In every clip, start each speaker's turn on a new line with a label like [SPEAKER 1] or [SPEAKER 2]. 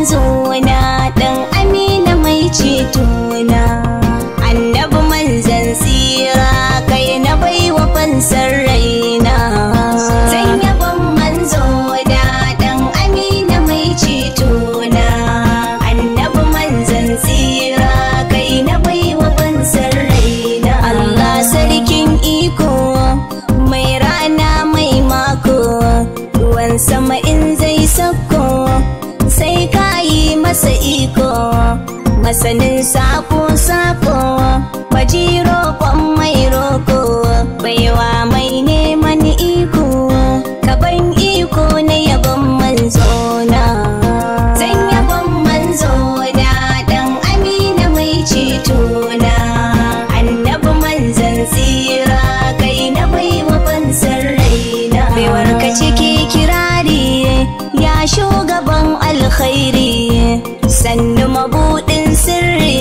[SPEAKER 1] manzona ɗan amina mai cetona annabi manzan kai na baiwa fansar raina zan manzona ɗan amina mai cetona annabi manzan tsira kai na baiwa fansar raina Allah sarkin iko mai rana mai mako ruwan sama in zai sako sai ka yi masa iko masanin sako-sako bajiro kwan mai roko alkhairi sannu mabuɗin sirri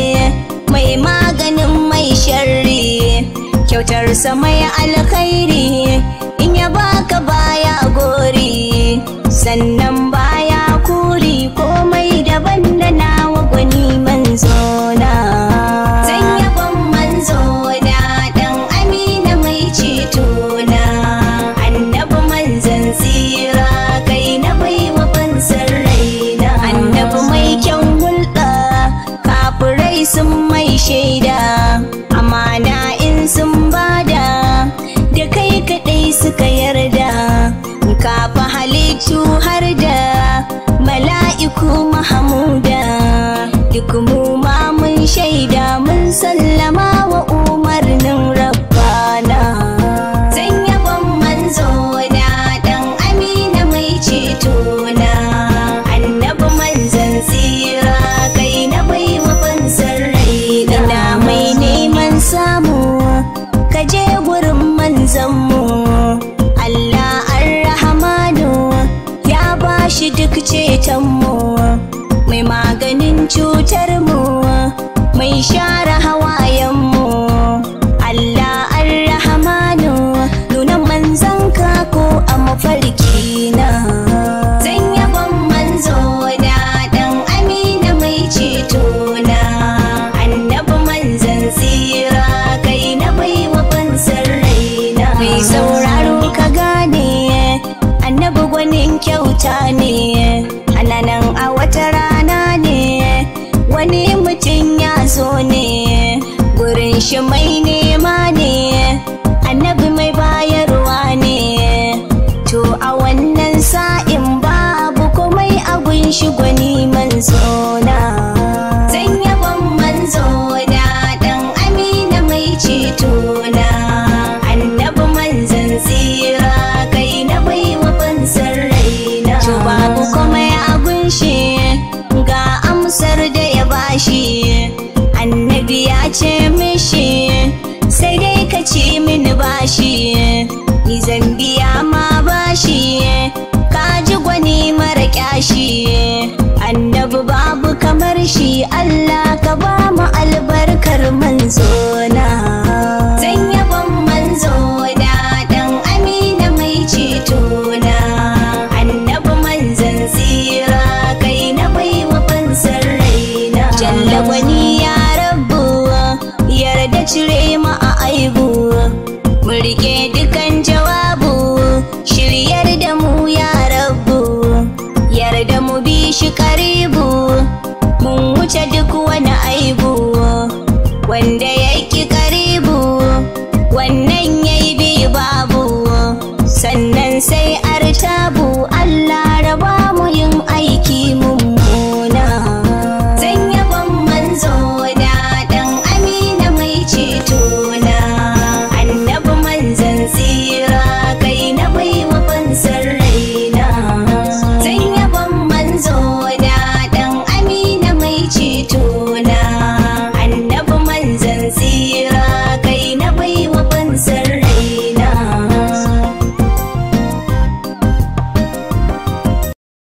[SPEAKER 1] mai maganin mai sharri kyautarsa mai alkhairi in ya baka baya gori sannan ba sun mai shaida amana in sun bada da kai kaɗai suka yarda ka fi halittu har da cutan mai maganin cutar mu mai share hawayen mu Allah arrahmanu nuna manzon ka a mafarki na zan yaban manzo na dan amina mai ceto na annabi manzan tsira kai na baiwa fansar raina mai sauraro ka gane annabi gwanin kyauta ne na nan a wata rana ne wani mutum ya zo ne gurin shi mai nema ne annabi mai bayarwa ne to a wannan sa'in babu komai a gun shi gwani manzo zan biya ma bashi ka ji gwani mara kyashi annabi babu kamar shi Allah ka bamu albarkar manzona zan yaban manzona dan amina mai cetona annabi manzan tsira kai na baiwa raina jalla wuce duk wani aibuwa wanda ya